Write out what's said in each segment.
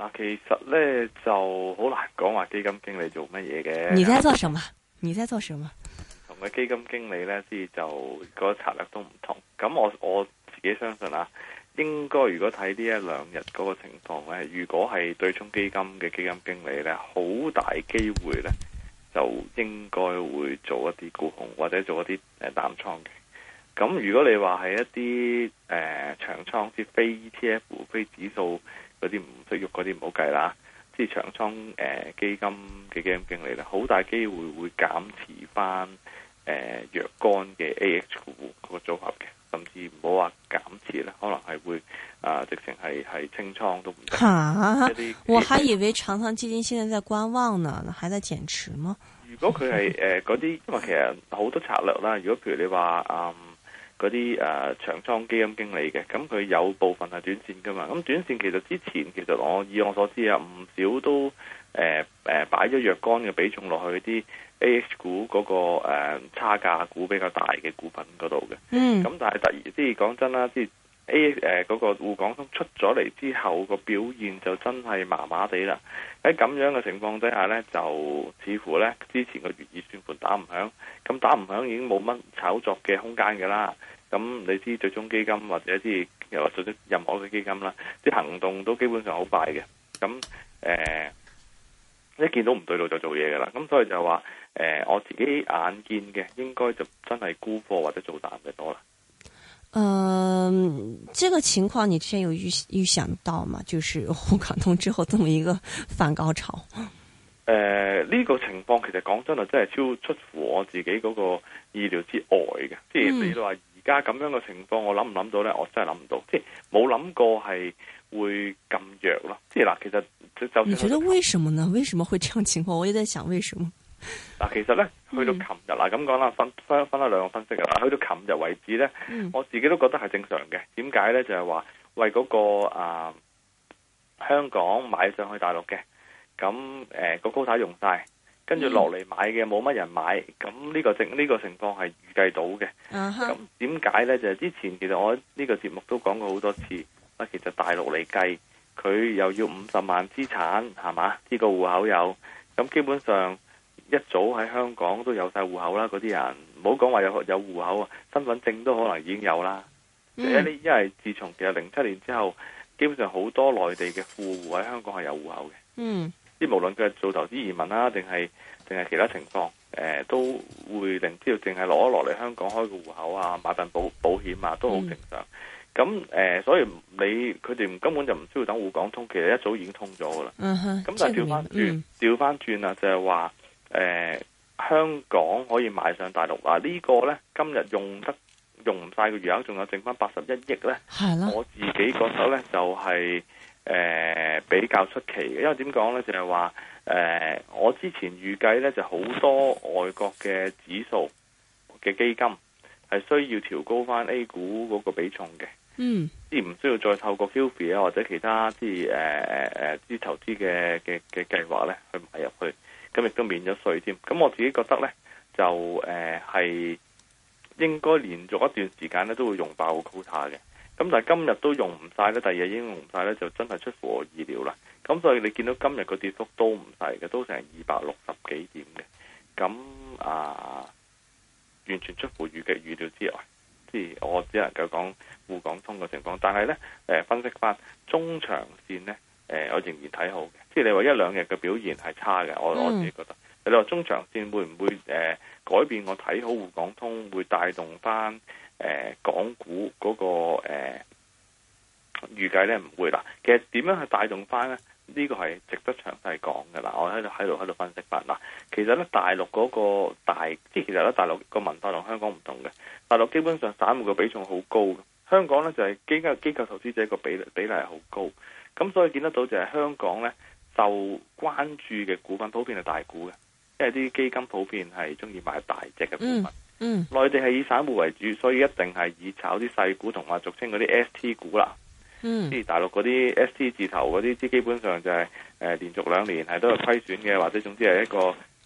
嗱，其實咧就好難講話基金經理做乜嘢嘅。你在做什麼？你在做什麼？同嘅基金經理呢，即就、嗰個策略都唔同。咁我我自己相信啊，應該如果睇呢一兩日嗰個情況呢，如果係對沖基金嘅基金經理呢，好大機會呢，就應該會做一啲沽空或者做一啲誒、呃、淡倉嘅。咁如果你話係一啲誒、呃、長倉，即非 ETF、非指數。嗰啲唔識喐嗰啲唔好計啦，即係長倉誒、呃、基金嘅基金經理咧，好大機會會減持翻誒若干嘅 AH 股嗰個組合嘅，甚至唔好話減持咧，可能係會啊、呃、直情係係清倉都唔得。嚇！我還以為長倉基金現在在觀望呢，還在減持嗎？如果佢係誒嗰啲，呃、 因為其實好多策略啦。如果譬如你話誒。嗯嗰啲、呃、長倉基金經理嘅，咁佢有部分係短線噶嘛，咁短線其實之前其實我以我所知啊，唔少都誒誒、呃、擺咗若干嘅比重落去啲 A H 股嗰、嗰個、呃、差價股比較大嘅股份嗰度嘅。嗯，咁但係突然即係講真啦 A 誒嗰個滬港通出咗嚟之後，個表現就真係麻麻地啦。喺咁樣嘅情況底下呢，就似乎呢之前個月語算盤打唔響，咁打唔響已經冇乜炒作嘅空間㗎啦。咁你知最終基金或者知又或者任何嘅基金啦，啲行動都基本上好快嘅。咁、呃、一見到唔對路就做嘢㗎啦。咁所以就話、呃、我自己眼見嘅應該就真係沽貨或者做淡嘅多啦。嗯、呃，這個情況你之前有預預想到嗎？就是滬港通之後這麼一個反高潮。誒、呃，呢、這個情況其實講真啊，真係超出乎我自己嗰個意料之外嘅。即、嗯、係你話而家咁樣嘅情況，我諗唔諗到咧？我真係諗唔到，即係冇諗過係會咁弱咯。即係嗱，其實就你覺得為什麼呢？為什麼會這樣情況？我也在想為什麼。嗱，其實咧，去到琴日啦，咁講啦，分分分咗兩個分析嘅，去到琴日為止咧、嗯，我自己都覺得係正常嘅。點解咧？就係、是、話為嗰、那個啊香港買上去大陸嘅，咁誒個高潮用晒，跟住落嚟買嘅冇乜人買，咁、嗯、呢、這個這個情況預計、啊、呢個情況係預計到嘅。咁點解咧？就係、是、之前其實我呢個節目都講過好多次，啊，其實大陸嚟計，佢又要五十萬資產係嘛？呢、這個戶口有，咁基本上。一早喺香港都有晒戶口啦。嗰啲人唔好講話有有戶口啊，身份證都可能已經有啦。因為自從其實零七年之後，基本上好多內地嘅富戶喺香港係有戶口嘅。嗯，即無論佢係做投資移民啦、啊，定係定係其他情況，呃、都會令到淨係攞落嚟香港開個戶口啊，買份保保險啊，都好正常。咁、嗯、誒、呃，所以你佢哋根本就唔需要等滬港通，其實一早已經通咗噶啦。咁、嗯、但係調翻轉調翻轉啊，嗯、就係話。誒、呃，香港可以買上大陸嗱，呢、啊，這個呢，今日用得用唔晒嘅餘額，仲有剩翻八十一億呢。我自己覺得呢，就係、是、誒、呃、比較出奇嘅，因為點講呢？就係話誒我之前預計呢，就好、是、多外國嘅指數嘅基金係需要調高翻 A 股嗰個比重嘅。嗯，即係唔需要再透過 QFII 啊或者其他啲誒誒誒啲投資嘅嘅嘅計劃呢去買入去。咁亦都免咗稅添，咁我自己覺得咧，就誒係應該連續一段時間咧都會用爆個 quota 嘅，咁但係今日都用唔曬咧，第二日已經用唔曬咧，就真係出乎我意料啦。咁所以你見到今日個跌幅都唔細嘅，都成二百六十幾點嘅，咁啊，完全出乎預計預料之外。即係我只能夠講滬港通嘅情況，但係咧誒分析翻中長線咧。誒、欸，我仍然睇好嘅，即係你話一兩日嘅表現係差嘅，我我自己覺得。嗯、你話中長線會唔會誒、呃、改變我睇好？我睇好滬港通會帶動翻誒、呃、港股嗰、那個誒、呃、預計咧，唔會啦。其實點樣去帶動翻咧？呢、這個係值得詳細講嘅啦。我喺度喺度喺度分析翻嗱。其實咧大陸嗰個大，即係其實咧大陸個文化同香港唔同嘅。大陸基本上散戶嘅比重好高，香港咧就係基金機構投資者個比例比例係好高。咁所以見得到就係香港呢，受關注嘅股份普遍係大股嘅，因為啲基金普遍係中意買大隻嘅股份。嗯，嗯內地係以散戶為主，所以一定係以炒啲細股同埋俗稱嗰啲 ST 股啦。嗯，大陸嗰啲 ST 字頭嗰啲，即基本上就係、是、誒、呃、連續兩年係都有虧損嘅，或者總之係一個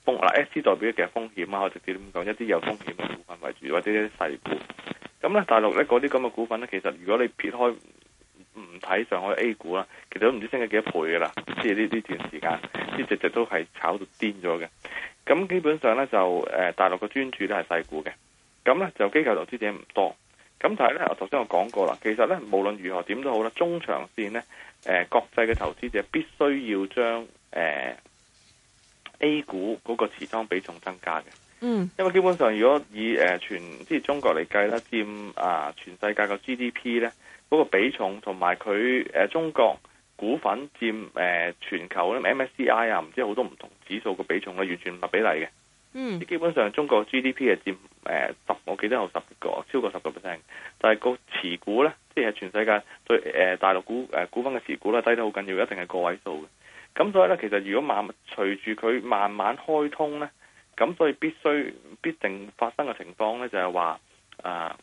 風嗱 ST 代表其實係風險啊，我直接咁講，一啲有風險嘅股份為主，或者一啲細股。咁咧大陸呢嗰啲咁嘅股份呢，其實如果你撇開睇上海 A 股啦，其實都唔知升咗幾多倍噶啦，即係呢呢段時間，即係直直都係炒到癲咗嘅。咁基本上呢，就誒大陸嘅專注都係細股嘅，咁呢，就機構投資者唔多。咁但係呢，我頭先我講過啦，其實呢，無論如何點都好啦，中長線呢，誒國際嘅投資者必須要將誒、呃、A 股嗰個持倉比重增加嘅。嗯，因為基本上如果以誒全即係中國嚟計咧，佔啊全世界個 GDP 咧，嗰個比重同埋佢誒中國股份佔誒全球咧 MSCI 啊，唔知好多唔同指數個比重咧，完全唔同比例嘅。嗯，基本上中國 GDP 係佔誒十，我記得有十個，超過十個 percent。但係個持股咧，即係全世界對誒大陸股誒股份嘅持股咧，低得好緊要，一定係個位數嘅。咁所以咧，其實如果慢隨住佢慢慢開通咧。咁所以必須必定發生嘅情況呢，就係話，啊，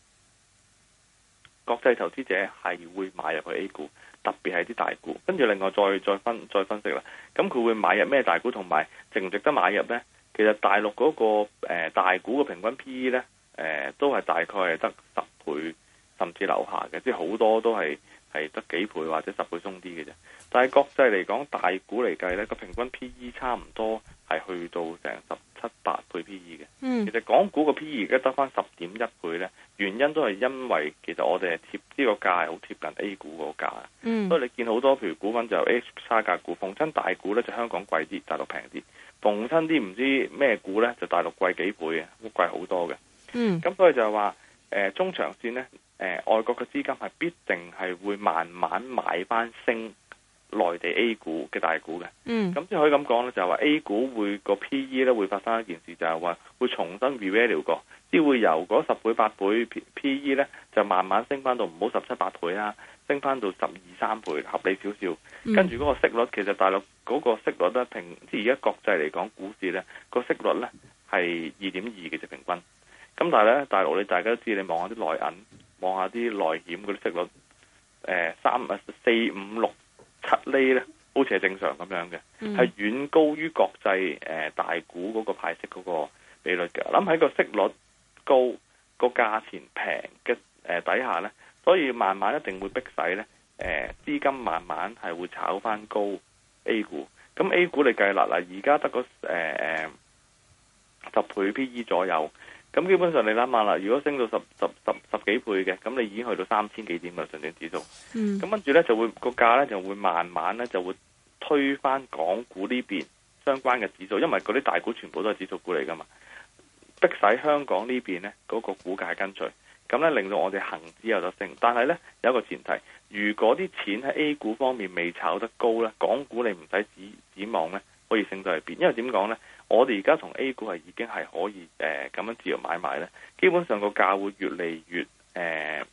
國際投資者係會買入去 A 股，特別係啲大股。跟住另外再再分再分析啦。咁佢會買入咩大股，同埋值唔值得買入呢？其實大陸嗰個，呃，大股嘅平均 P/E 呢，誒都係大概係得十倍甚至樓下嘅，即係好多都係係得幾倍或者十倍鬆啲嘅啫。但係國際嚟講，大股嚟計呢，個平均 P/E 差唔多。係去到成十七八倍 P/E 嘅。嗯，其實港股個 P/E 而家得翻十點一倍咧，原因都係因為其實我哋係貼呢個價係好貼近 A 股個價啊。嗯，所以你見好多譬如股份就有 H 沙價股，逢親大股咧就香港貴啲，大陸平啲，逢親啲唔知咩股咧就大陸貴幾倍嘅，都貴好多嘅。咁、嗯、所以就係話，誒、呃、中長線咧，誒、呃、外國嘅資金係必定係會慢慢買翻升。內地 A 股嘅大股嘅，咁、嗯、即可以咁講咧，就係、是、話 A 股會個 P E 咧會發生一件事，就係、是、話會重新 revalue 過，即會由嗰十倍八倍 P E 咧就慢慢升翻到唔好十七八倍啦，升翻到十二三倍合理少少。跟住嗰個息率其實大陸嗰個息率咧平，即而家國際嚟講股市咧個息率咧係二點二嘅啫平均。咁但係咧大陸你大家都知道，你望下啲內銀，望下啲內險嗰啲息率，誒三啊四五六。3, 4, 5, 6, 七厘咧，好似係正常咁樣嘅，係、嗯、遠高於國際誒、呃、大股嗰個派息嗰個比率嘅。諗喺個息率高、個價錢平嘅誒底下咧，所以慢慢一定會逼使咧誒資金慢慢係會炒翻高 A 股。咁 A 股你計啦，嗱而家得個誒誒十倍 P E 左右。咁基本上你諗下啦，如果升到十十十十幾倍嘅，咁你已經去到三千幾點嘅上證指數。咁跟住呢，就會個價呢，就會慢慢呢，就會推翻港股呢邊相關嘅指數，因為嗰啲大股全部都係指數股嚟㗎嘛，逼使香港呢邊呢嗰、嗰個股價跟隨。咁呢，令到我哋恆指有得升，但係呢，有一個前提，如果啲錢喺 A 股方面未炒得高呢，港股你唔使指指望呢，可以升到去邊？因為點講呢？我哋而家同 A 股係已經係可以誒咁、呃、樣自由買賣呢，基本上個價會越嚟越誒、呃，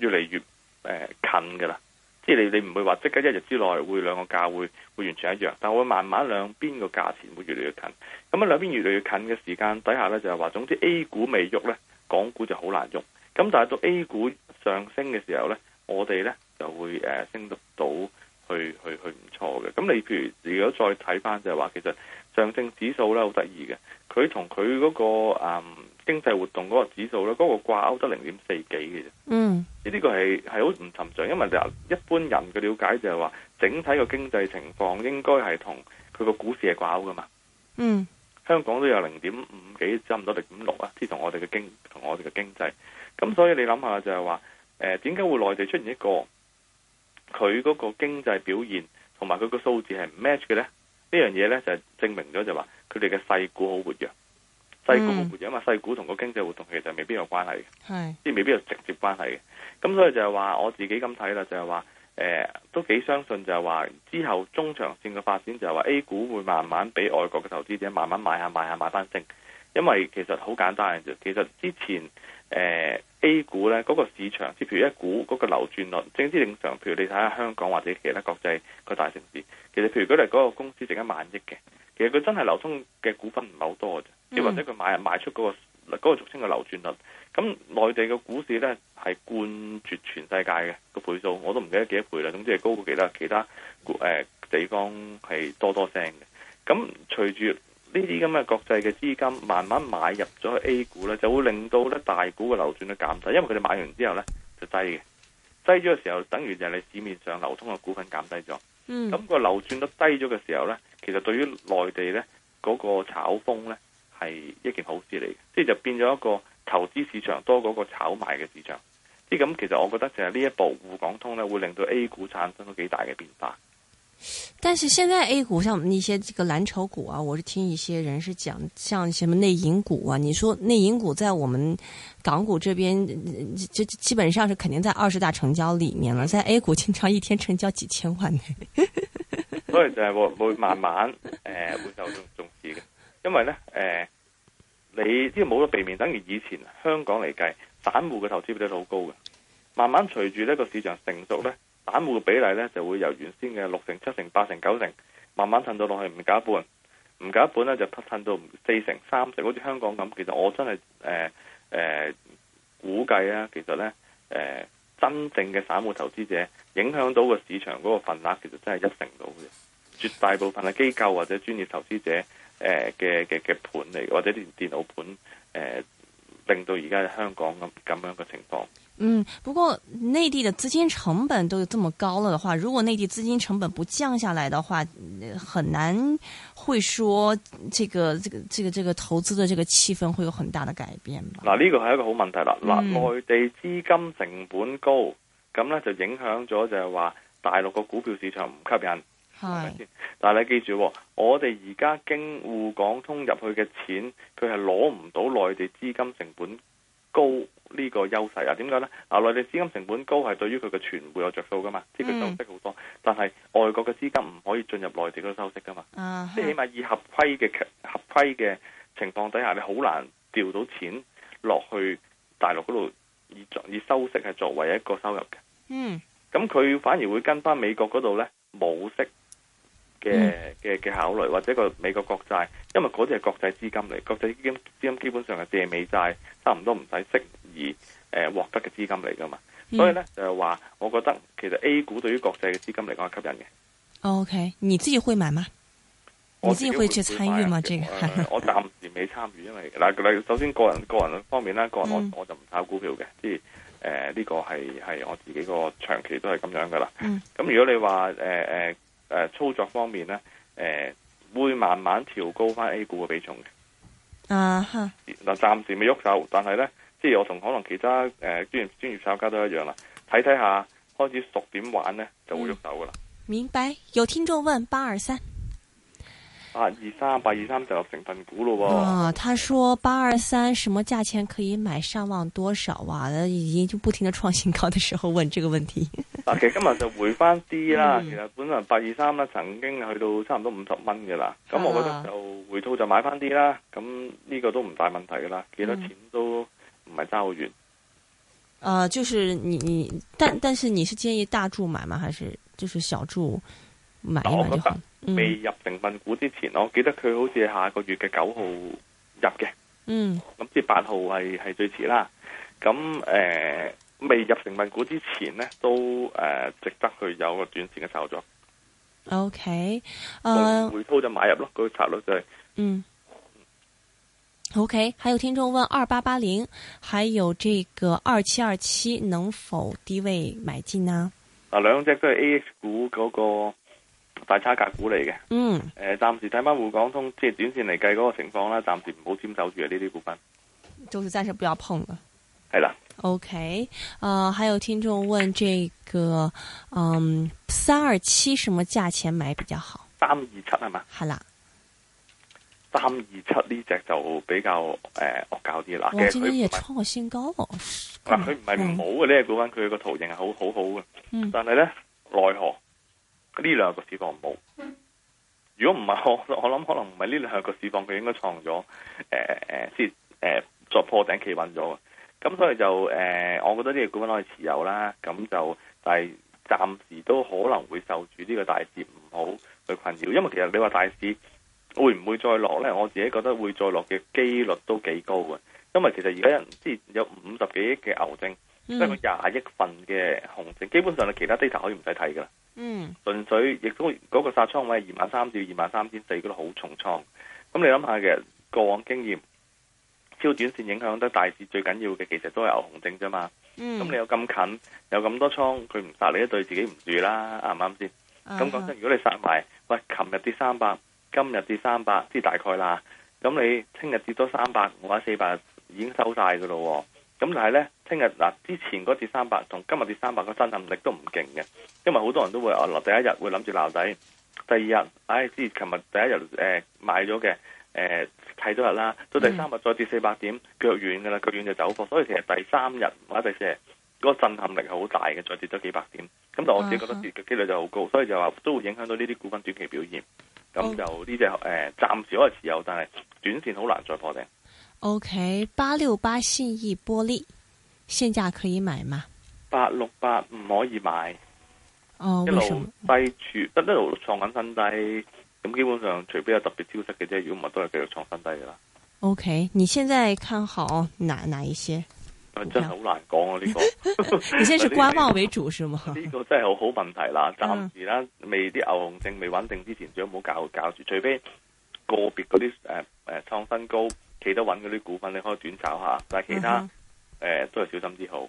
越嚟越誒、呃、近噶啦。即係你你唔會話即刻一日之內會兩個價會會完全一樣，但會慢慢兩邊個價錢會越嚟越近。咁啊兩邊越嚟越近嘅時間底下呢，就係、是、話總之 A 股未喐呢，港股就好難喐。咁但係到 A 股上升嘅時候呢，我哋呢就會誒、呃、升得到。去去去唔錯嘅，咁你譬如如果再睇翻就係話，其實上證指數咧好得意嘅，佢同佢嗰個誒經濟活動嗰個指數咧，嗰個掛鈎得零點四幾嘅啫。嗯，呢啲個係係好唔尋常，因為人一般人嘅了解就係話，整體個經濟情況應該係同佢個股市係掛鈎噶嘛。嗯，香港都有零點五幾差唔多零點六啊，即同我哋嘅經同我哋嘅經濟，咁所以你諗下就係話，誒點解會內地出現一個？佢嗰個經濟表現同埋佢個數字係唔 match 嘅呢，呢樣嘢呢就係證明咗就話佢哋嘅細股好活躍，細股好活躍啊嘛，細股同個經濟活動其實未必有關係，嗯，即係未必有直接關係嘅。咁所以就係話我自己咁睇啦，就係話誒都幾相信就係話之後中長線嘅發展就係話 A 股會慢慢俾外國嘅投資者慢慢買下買下買翻升，因為其實好簡單，就其實之前誒。呃 A 股呢嗰個市場，即譬如一股嗰個流轉率，正之正常。譬如你睇下香港或者其他國際個大城市，其實譬如佢哋嗰個公司值一萬億嘅，其實佢真係流通嘅股份唔係好多嘅啫。即或者佢買賣出嗰個嗰個俗稱嘅流轉率。咁內地嘅股市呢係冠絕全世界嘅個倍數，我都唔記得幾多倍啦。總之係高過其他其他誒地方係多多聲嘅。咁隨住。呢啲咁嘅國際嘅資金慢慢買入咗去 A 股呢，就會令到呢大股嘅流轉都減低，因為佢哋買完之後呢，就低嘅，低咗嘅時候，等於就你市面上流通嘅股份減低咗。嗯，咁個流轉率低咗嘅時候呢，其實對於內地呢嗰個炒風呢，係一件好事嚟嘅，即係就變咗一個投資市場多過一個炒賣嘅市場。即係咁，其實我覺得就係呢一步滬港通呢會令到 A 股產生咗幾大嘅變化。但是現在 A 股，像我們一些這個藍籌股啊，我是聽一些人士講，像什麼內銀股啊。你說內銀股在我們港股這邊，就基本上是肯定在二十大成交裏面了。在 A 股經常一天成交幾千萬呢。 所以就係話會慢慢誒、呃、會受重視嘅，因為呢，誒、呃、你即係冇得避免，等於以前香港嚟計散戶嘅投資比例好高嘅。慢慢隨住呢個市場成熟呢。散戶嘅比例咧，就會由原先嘅六成、七成、八成、九成，慢慢褪到落去唔夠一半，唔夠一半咧就褪到四成、三成。好似香港咁，其實我真係誒誒估計啊，其實咧誒、呃、真正嘅散戶投資者，影響到個市場嗰個份額，其實真係一成到嘅。絕大部分係機構或者專業投資者誒嘅嘅嘅盤嚟，或者啲電腦盤誒，令到而家香港咁咁樣嘅情況。嗯，不過內地的資金成本都有這麼高了的話，如果內地資金成本不降下來的話，很難會說這個、這個、這個、這個投資的這個氣氛會有很大的改變。嗱，呢個係一個好問題啦。嗱、嗯，內地資金成本高，咁呢就影響咗就係話大陸個股票市場唔吸引。係。但係你記住，我哋而家經滬港通入去嘅錢，佢係攞唔到內地資金成本高。高呢個優勢啊？點解呢？嗱，內地資金成本高係對於佢嘅存匯有着數噶嘛，即係佢收息好多。嗯、但係外國嘅資金唔可以進入內地嗰度收息噶嘛，即、啊、係起碼以合規嘅合規嘅情況底下，你好難調到錢落去大陸嗰度以作以收息係作為一個收入嘅。嗯，咁佢反而會跟翻美國嗰度呢，冇息。嘅嘅嘅考慮，或者個美國國債，因為嗰啲係國際資金嚟，國際資金資金基本上係借美債，差唔多唔使息而誒獲得嘅資金嚟噶嘛、嗯，所以咧就係話，我覺得其實 A 股對於國際嘅資金嚟講係吸引嘅。O、okay, K，你自己會買嗎？你自己會去參與嗎？這我，我暫時未參與， 因為嗱，首先個人個人方面啦，個人我、嗯、我就唔炒股票嘅，即係誒呢個係係我自己個長期都係咁樣噶啦。咁、嗯、如果你話誒誒。呃呃誒、呃，操作方面呢，誒、呃，會慢慢調高翻 A 股嘅比重嘅。啊吓，嗱，暫時未喐手，但係呢，即係我同可能其他誒、呃、專業專業炒家都一樣啦，睇睇下開始熟點玩呢，就會喐手噶啦、嗯。明白，有聽眾問八二三，八二三，八二三就成分股咯。啊、uh,，他說八二三什麼價錢可以買上望多少啊？已經就不停的創新高的時候問這個問題。嗱， 其實今日就回翻啲啦、嗯。其實本來八二三啦，曾經去到差唔多五十蚊嘅啦。咁、啊、我覺得就回套就買翻啲啦。咁呢個都唔大問題噶啦，幾、嗯、多錢都唔係爭好遠。啊、呃，就是你你，但但是你是建議大注買嗎？還是就是小注買，買？未入成分股之前，嗯、我記得佢好似下個月嘅九號入嘅。嗯。咁至八號係係最遲啦。咁誒。呃未入成分股之前呢都，誒、呃、值得去有個短線嘅炒作。O K，誒，回吐就買入咯，個策略就係。嗯。O K，還有聽眾問二八八零，還有這個二七二七能否低位買進呢？嗱、啊，兩隻都係 A H 股嗰個大差價股嚟嘅。嗯。誒、呃，暫時睇翻滬港通，即係短線嚟計嗰個情況啦，暫時唔好沾手住呢啲股份。就是暫時不要碰了啦。係啦。O K，啊，還有聽眾問這個，嗯，三二七什麼價錢買比較好？三二七係嘛？係啦，三二七呢隻就比較誒惡搞啲啦。今天也創新高。佢唔係唔好嘅，呢個股翻佢個圖形係好好好嘅。但係咧奈何呢兩個市況唔好。如果唔係我諗可能唔係呢兩個市況，佢應該創咗誒誒，即、呃、誒、呃、作破頂企穩咗。咁所以就誒、呃，我覺得呢個股份可以持有啦。咁就但係暫時都可能會受住呢個大市唔好去困擾，因為其實你話大市會唔會再落咧？我自己覺得會再落嘅幾率都幾高嘅。因為其實而家即係有五十幾億嘅牛證，即係個廿億份嘅紅證，基本上你其他 data 可以唔使睇噶啦。嗯、mm.，純粹亦都嗰個殺倉位二萬三至二萬三千四，都好重倉。咁你諗下嘅過往經驗。超短線影響得大致最緊要嘅，其實都係牛熊證啫嘛。咁你有咁近，有咁多倉，佢唔殺你都對自己唔住啦，啱唔啱先？咁講真，如果你殺埋，喂，琴日跌三百，今日跌三百，即係大概啦。咁你聽日跌咗三百，我話四百已經收曬㗎咯。咁但係呢，聽日嗱之前嗰跌三百同今日跌三百個震撼力都唔勁嘅，因為好多人都會哦，第一日會諗住撈底，第二日，唉、哎，即係琴日第一日誒、呃、買咗嘅誒。呃睇咗日啦，到第三日再跌四百點，腳軟噶啦，腳軟就走貨。所以其實第三日或者第四日，嗰個震撼力係好大嘅，再跌咗幾百點。咁就我自己覺得跌嘅幾率就好高，uh -huh. 所以就話都會影響到呢啲股份短期表現。咁就呢隻誒暫時可以持有，但係短線好難再破頂。OK，八六八信義玻璃現價可以買嗎？八六八唔可以買。Oh, 一路低住，得一路創緊新低。咁基本上是，除非有特別消息嘅啫，如果唔係都係繼續創新低噶啦。O、okay, K，你現在看好哪哪一些？很啊，真係好難講呢個。你先在是觀望為主，是 嗎、這個？呢 個真係好好問題啦。暫時啦，未、uh、啲 -huh. 牛熊證未穩定之前，最好唔好搞搞住。除非個別嗰啲誒誒創新高企得穩嗰啲股份，你可以短炒下。但係其他誒、uh -huh. 呃、都係小心啲好。